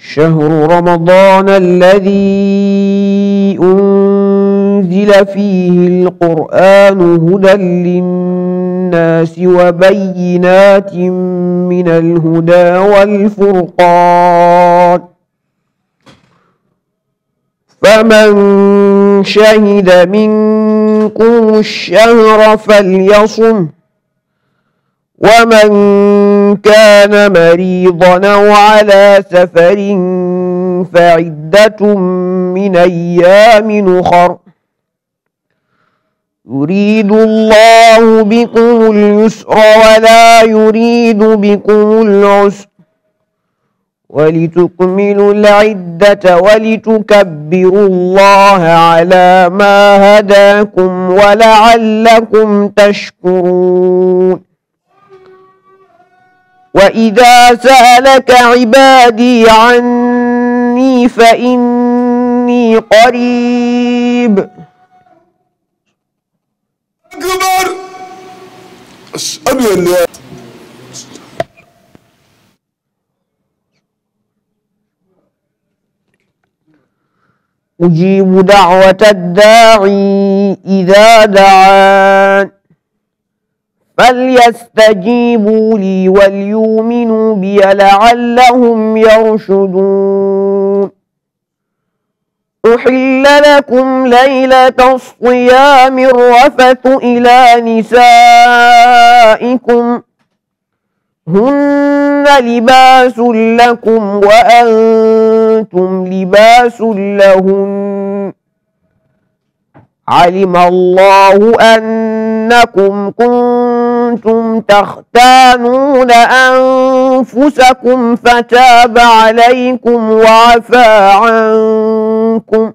شهر رمضان الذي أنزل فيه القرآن هدى للناس وبينات من الهدى والفرقان فمن شهد منكم الشهر فليصم ومن كان مريضا أو على سفر فعدة من أيام أخر يريد الله بكم اليسر ولا يريد بكم العسر ولتكملوا العدة ولتكبروا الله على ما هداكم ولعلكم تشكرون وإذا سألك عبادي عني فإني قريب أكبر أشهد أن لا أجيب دعوة الداعي إذا دعان فليستجيبوا لي وليؤمنوا بي لعلهم يرشدون أحل لكم ليلة الصيام الرفث إلى نسائكم هن لباس لكم وأنتم لباس لهن علم الله أنكم كنتم كنتم تختانون أنفسكم فتاب عليكم وعفى عنكم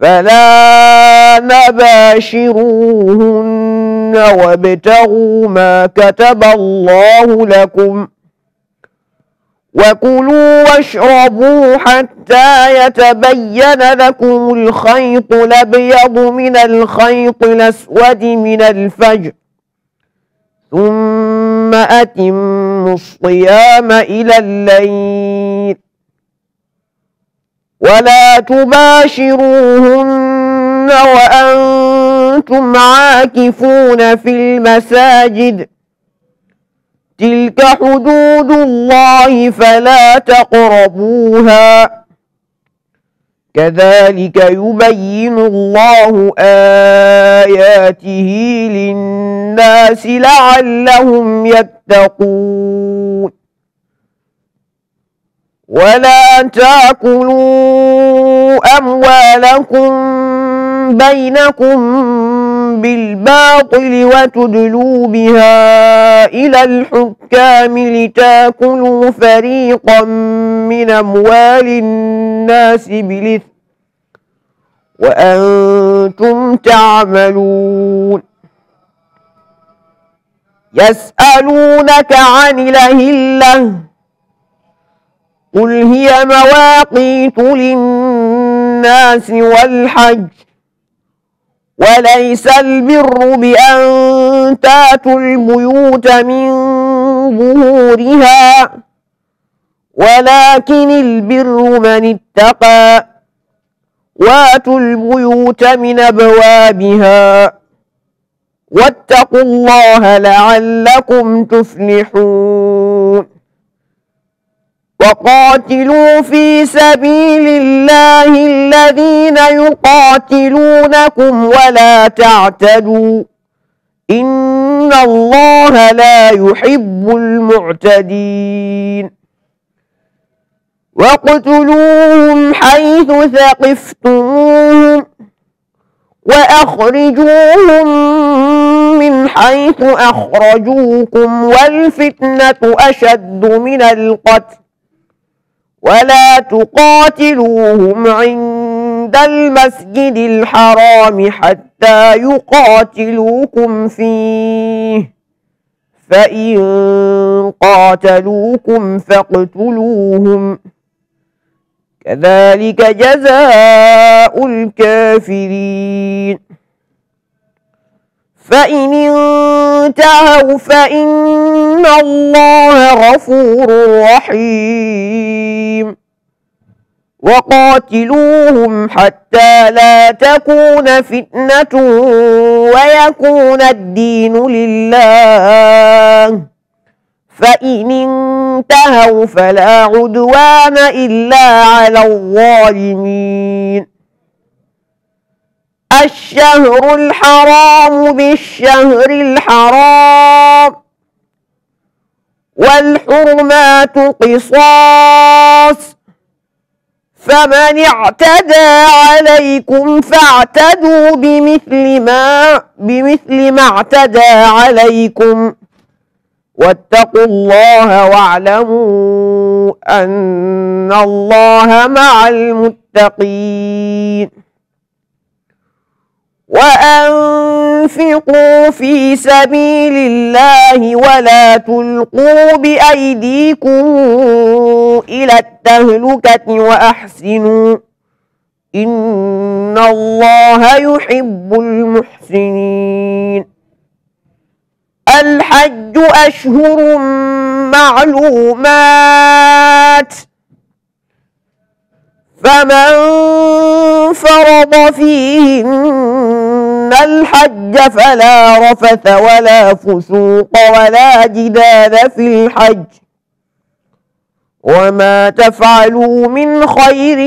فلا نباشروهن وابتغوا ما كتب الله لكم وكلوا واشربوا حتى يتبين لكم الخيط الابيض من الخيط الاسود من الفجر ثم أتموا الصيام إلى الليل ولا تباشروهن وأنتم عاكفون في المساجد تلك حدود الله فلا تقربوها كذلك يبين الله آياته للناس لعلهم يتقون ولا تأكلوا أموالكم بينكم بالباطل وتدلوا بها إلى الحكام لتاكلوا فريقا من أموال الناس بالإثم وأنتم تعملون يسألونك عن الأهلة قل هي مواقيت للناس والحج وليس البر بأن تاتوا البيوت من ظهورها ولكن البر من اتقى واتوا البيوت من أبوابها واتقوا الله لعلكم تفلحون وقاتلوا في سبيل الله الذين يقاتلونكم ولا تعتدوا إن الله لا يحب المعتدين وقتلوهم حيث ثقفتموهم وأخرجوهم من حيث أخرجوكم والفتنة أشد من القتل ولا تقاتلوهم عند المسجد الحرام حتى يقاتلوكم فيه فإن قاتلوكم فاقتلوهم كذلك جزاء الكافرين فإن انتهوا فإن الله غفور رحيم وقاتلوهم حتى لا تكون فتنة ويكون الدين لله فإن انتهوا فلا عدوان إلا على الظالمين الشهر الحرام بالشهر الحرام والحرمات قصاص فمن اعتدى عليكم فاعتدوا بمثل ما بمثل ما اعتدى عليكم واتقوا الله واعلموا أن الله مع المتقين وأنفقوا في سبيل الله ولا تلقوا بأيديكم إلى التهلكة وأحسنوا إن الله يحب المحسنين الحج أشهر معلومات فمن فرض فيهن أما الحج فلا رفث ولا فسوق ولا جدال في الحج وما تفعلوا من خير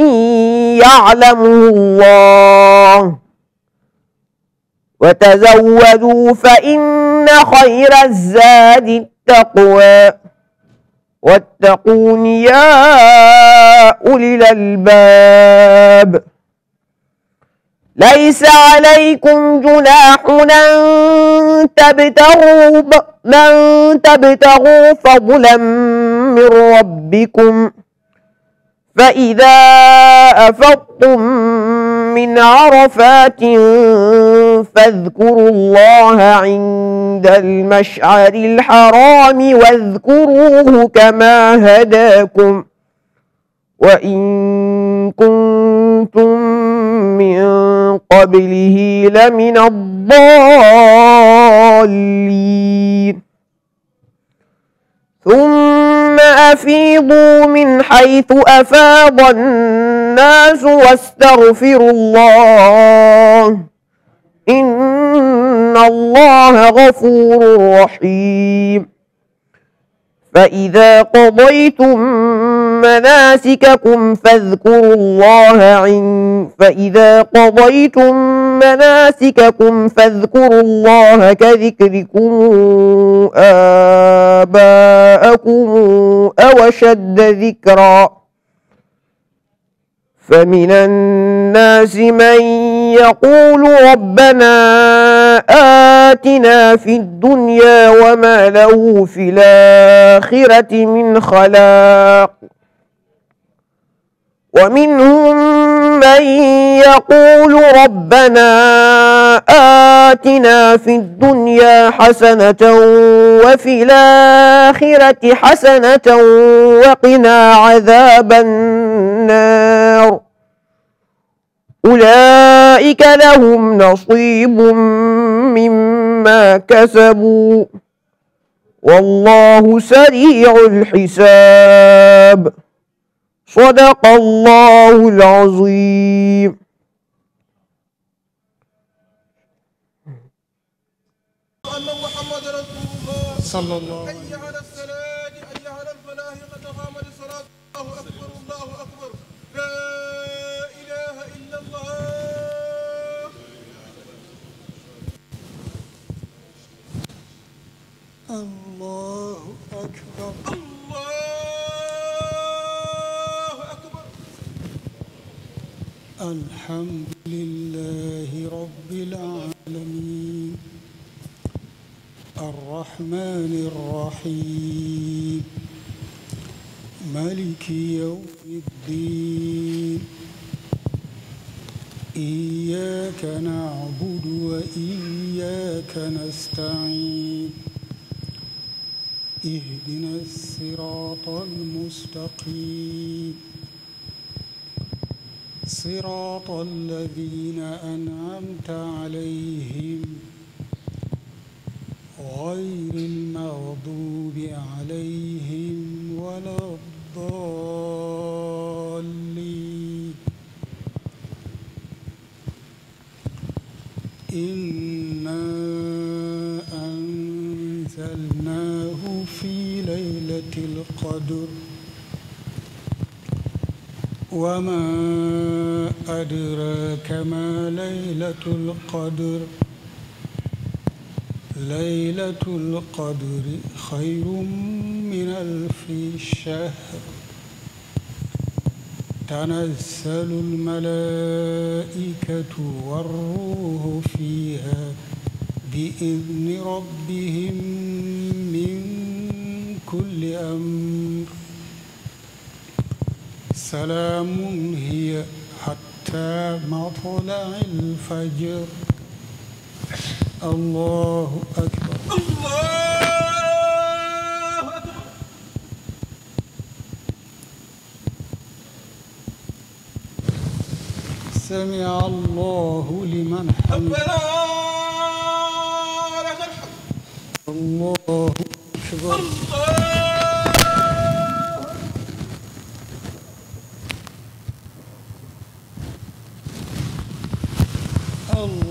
يعلمه الله وتزودوا فإن خير الزاد التقوى واتقون يا أولي الألباب ليس عليكم جناح أن تبتغوا من تبتغوا فضلا من ربكم فإذا أفضتم من عرفات فاذكروا الله عند المشعر الحرام واذكروه كما هداكم ۖ وإن كنتم من قبله لمن الضالين ثم أفيضوا من حيث أفاض الناس واستغفروا الله إن الله غفور رحيم فإذا قضيتم مناسككم فاذكروا الله عند فإذا قضيتم مناسككم فاذكروا الله كذكركم آباءكم أو أشد ذكرا فمن الناس من يقول ربنا آتنا في الدنيا وما له في الآخرة من خلاق ومنهم من يقول ربنا آتنا في الدنيا حسنة وفي الآخرة حسنة وقنا عذاب النار أولئك لهم نصيب مما كسبوا والله سريع الحساب صدق الله العظيم أن محمد رسول الله صلى الله عليه وسلم على الصلاة حي على الفلاح قد قامت الصلاة الله أكبر الله أكبر لا إله إلا الله الله أكبر alhamdulillahi rabbil aalamiin arrahmaani rrahiim maaliki yawmi ddiin iyyaaka na'budu wa iyyaaka nasta'iin ihdina s-siraata al-mustaqiim صراط الذين أنعمت عليهم غير المغضوب عليهم ولا الضالين إنا أنزلناه في ليلة القدر وما أدراك ما ليلة القدر ليلة القدر خير من ألف شهر تنزل الملائكة والروح فيها بإذن ربهم من كل أمر salaamun hiya hatta matla'il fajr allahu akbar allahu akbar sami'a allahu liman hamidah allahu akbar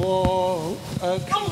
الله أكبر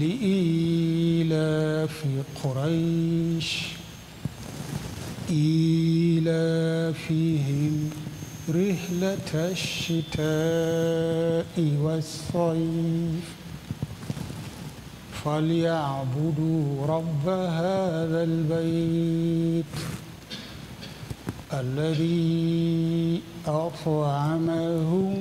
لإيلاف قريش إيلافهم رحلة الشتاء والصيف فليعبدوا رب هذا البيت الذي أطعمهم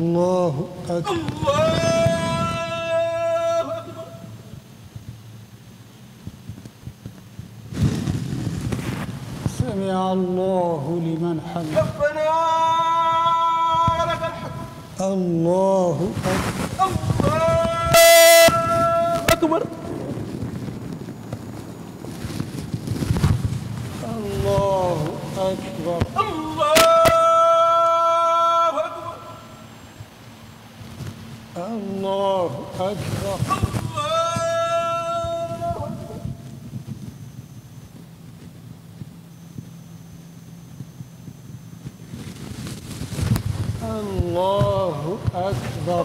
allahu akbar سمع الله لمن حمده ربنا لك الحمد الله أكبر الله أكبر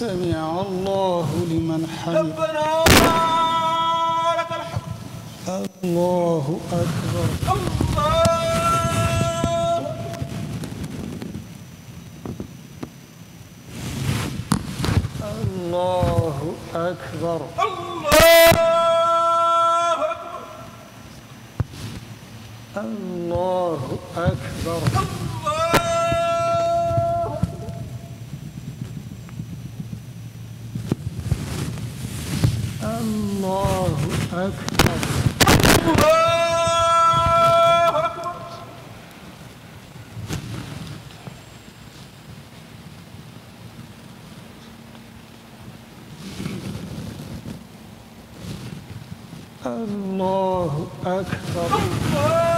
سمع الله لمن حمده الله أكبر الله الله أكبر الله الله أكبر الله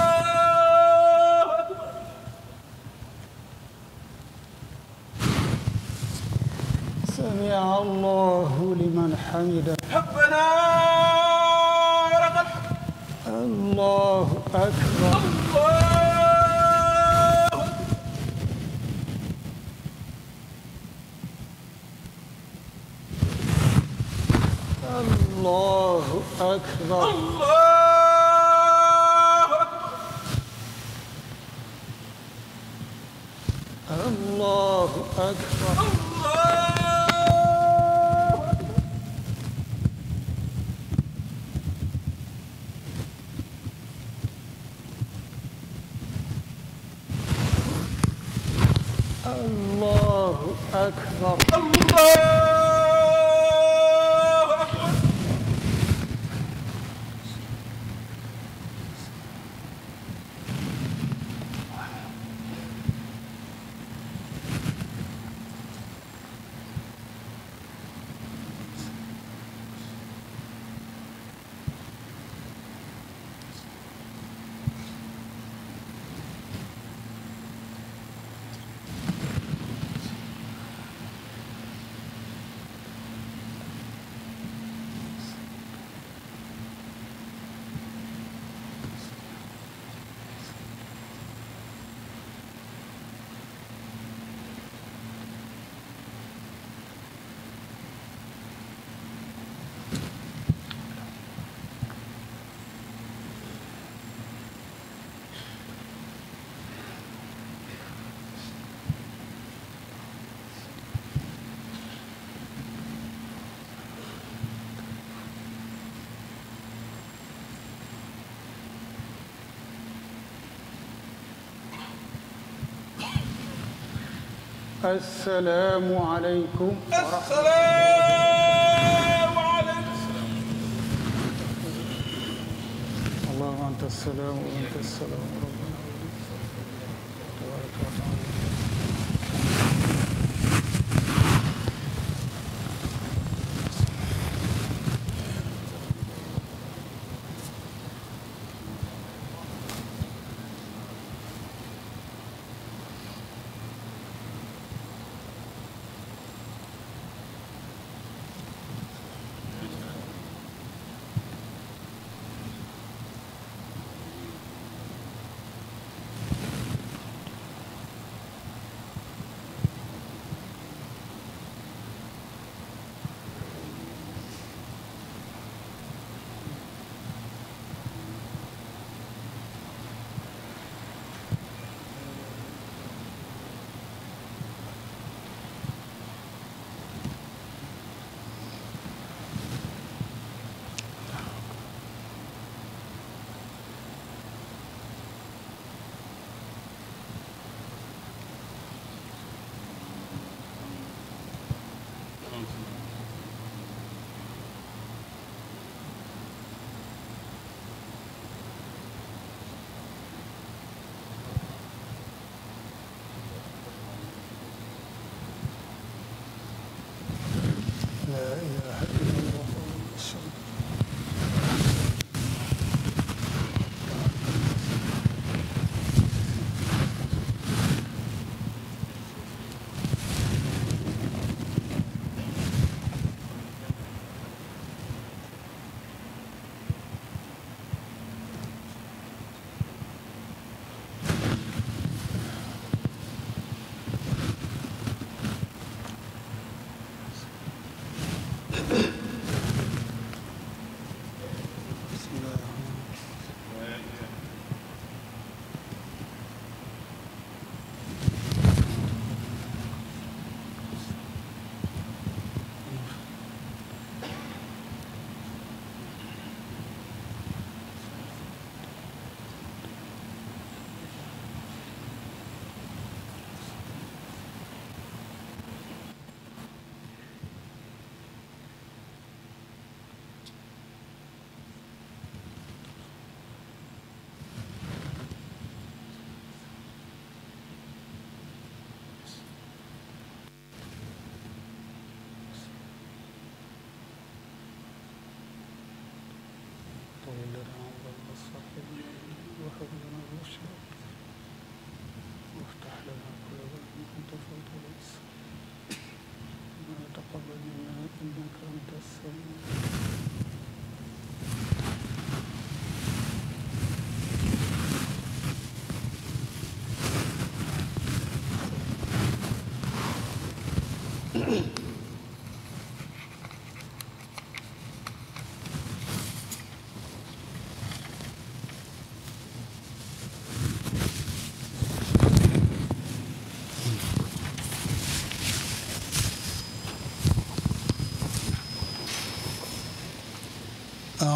أكبر الله asalaamualeykum. asalaamualeykum. allahumma anta salaam wa minka salaam.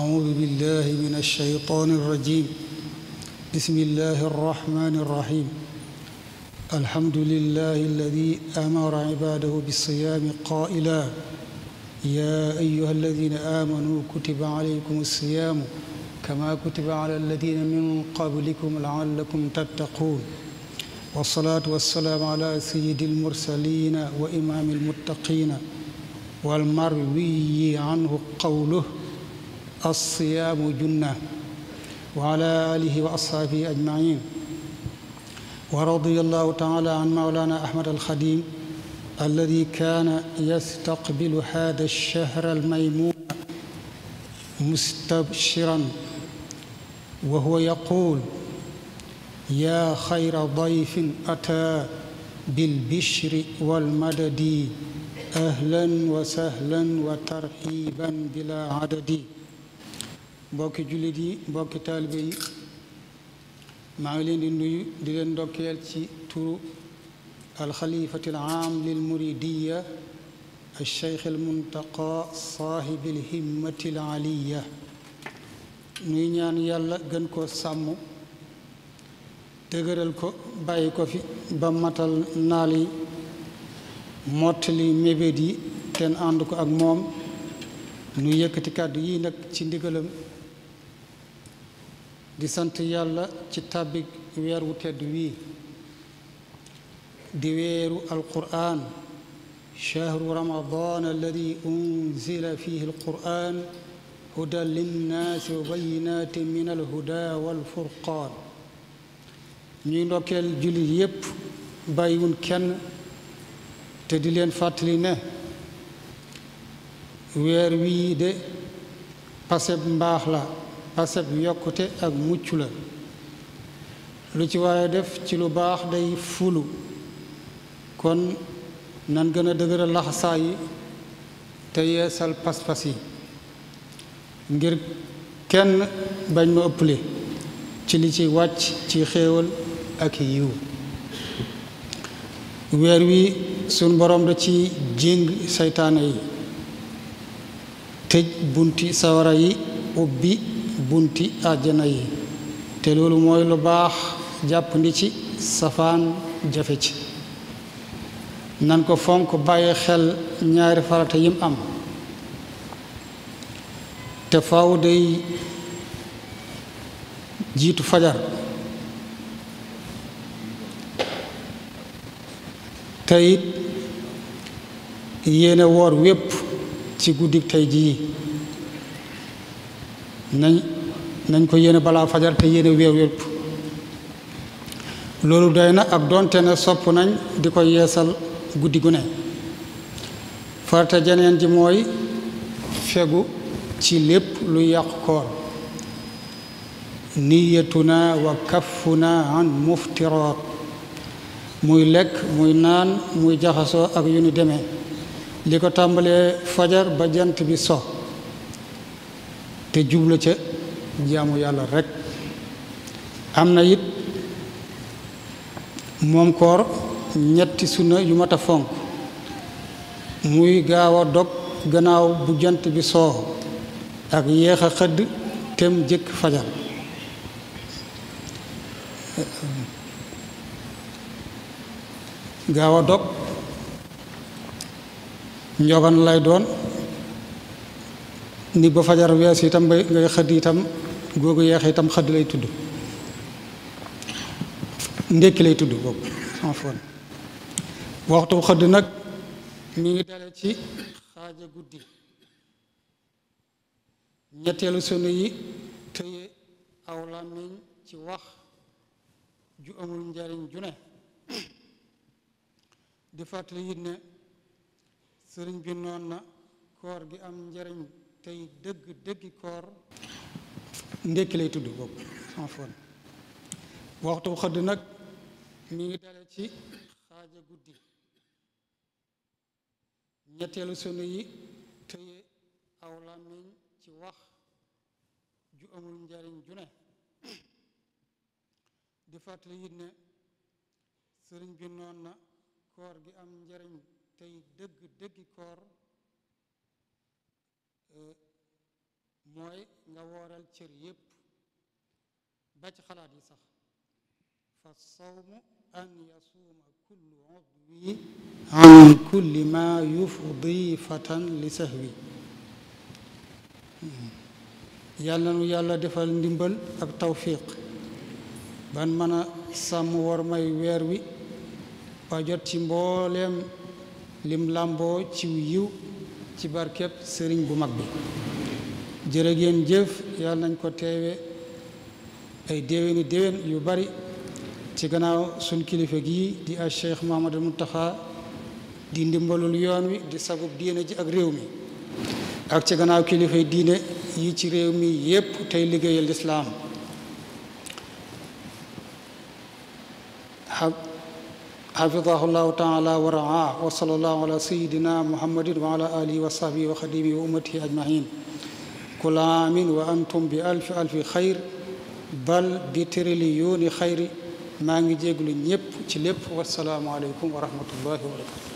أعوذ بالله من الشيطان الرجيم بسم الله الرحمن الرحيم الحمد لله الذي أمر عباده بالصيام قائلا يا أيها الذين آمنوا كتب عليكم الصيام كما كتب على الذين من قبلكم لعلكم تتقون والصلاة والسلام على سيد المرسلين وإمام المتقين والمروي عنه قوله alsiyaamu junna wa ala alihi wa ashaabihi ajmain wa radia allahu taala an mawlana ahmad alxadim alladi kaana yastaqbilu hada alshahra almaymuuna mustabshiran wa huwa yaquul yaa xayra dayfin ataa bilbishri walmadadi ahlan wa sahlan wa tarxiiban bila adadi mbokki jullit yi mbokki taalibe yi maa ngi leen di nuyu di leen ndokkeel ci turu alxalifati alaam lil muridiya alcheikh almuntaqa saahibi alhimmati alaliya nuy ñaan yàlla gën koo sàmm dëgëral ko bàyyi ko fi ba matal naal yi mottali mébét yi ten ànd ko ak moom nu yëkkati kàddu yi nag ci ndigalam di sant yàlla ci tàbbi weer wu tedd wii di weeru alqur'an shahru ramadan alladi unzila fihi alqur'an hudan linnaasi wa bayinaati min alhuda walfurqaan ñuy ndokkeel jullit yépp bàyyiwun kenn te di leen fàttali ne weer wii de paseb mbaax la asab yokkute ak mucc la lu ci waaye def ci lu baax day fulu kon nan gën a dëgëral laxasaa yi te yeesal paspas yi ngir kenn bañ ma ëpple ci li ci wàcc ci xéewal ak yiw weer wi sunu boroom da ci jéng seytaane yi tëj bunti sawara yi ubbi bunti àjjana yi te loolu mooy lu baax jàppandi ci safaan jafe ci nan ko fonk bàyyi xel ñaari farata yim am te faaw day jiitu fajar te it yéene woor wépp ci guddik tey jii nañ nañ ko yéene balaa fajar te yéene weer yépp loolu doy na ak donte ne sopp nañ di ko yeesal guddi gu ne farata jeneen ji mooy fegu ci lépp lu yàq koor na wa kaffuna an muftiraat muy lekk muy naan muy jaxasoo ak yu ni demee li ko tàmbalee fajar ba jant bi so te jublu ca jaamu yàlla rekk am na it moom koor ñetti sunna yu mata fonk muy gaaw a dog gannaaw bu jant bi soo ak yéex a xëdd tem jëkk fajar gaawa dog njogan lay doon ni ba fajar wees itam ba ngay xëdd itam googu yeex itam xëdd lay tudd ndékki lay tudd boobu sans fon waxtu xëdd nag mi ngi dale ci xaaja guddi ñetteelu sunu yi tëye aw làmmiñ ci wax ju amul njariñ ju ne di fàttali it ne sëriñ bi noon na koor gi am njariñ tey dëgg dëggi koor ndékki lay tudd boobu sans fon waxtu xëdd nag mi ngi dale ci xaaja guddi ñetteelu sunu yi tëye aw làmmiñ ci wax ju amul njariñ ju ne di fàttali it ne sëriñ bi noon na koor gi am njariñ tey dëgg dëggi koor Euh, mooy nga wooral cër yépp ba xalaat yi sax fa sawmu an yasuuma kullu udwi an kulli ma yufdi fatan li sahwi yàlla nu yàlla defal ndimbal ak tawfiq ban mën a sàmm war may weer wi ba jot ci mbooleem lim làmboo ciw yiw ci barkeb sëriñ bu mag bi jërë ngeen jëf yàlla nañ ko teewe ay déwéni déwén yu bari ci gannaaw suñ kilifa gii di a cheikh Mahamadou Mountakha di ndimbalul yoon wi di sagub diine ji ak réew mi ak ci gannaaw kilifay diine yi ci réew mi yépp tey liggéeyal lislaam ak xafidahu llahu taala wa raa wa salallahu ala sayidina muhammadin wa ala alihi wa sahbihi wa xadimihi wa ummatihi ajmain kul amin wa antum bi alfi alfi xayr bal bi triliyoni xayri maa ngi jéglu ñépp ci lépp wasalaamualeykum wa rahmatullahi wa barakatu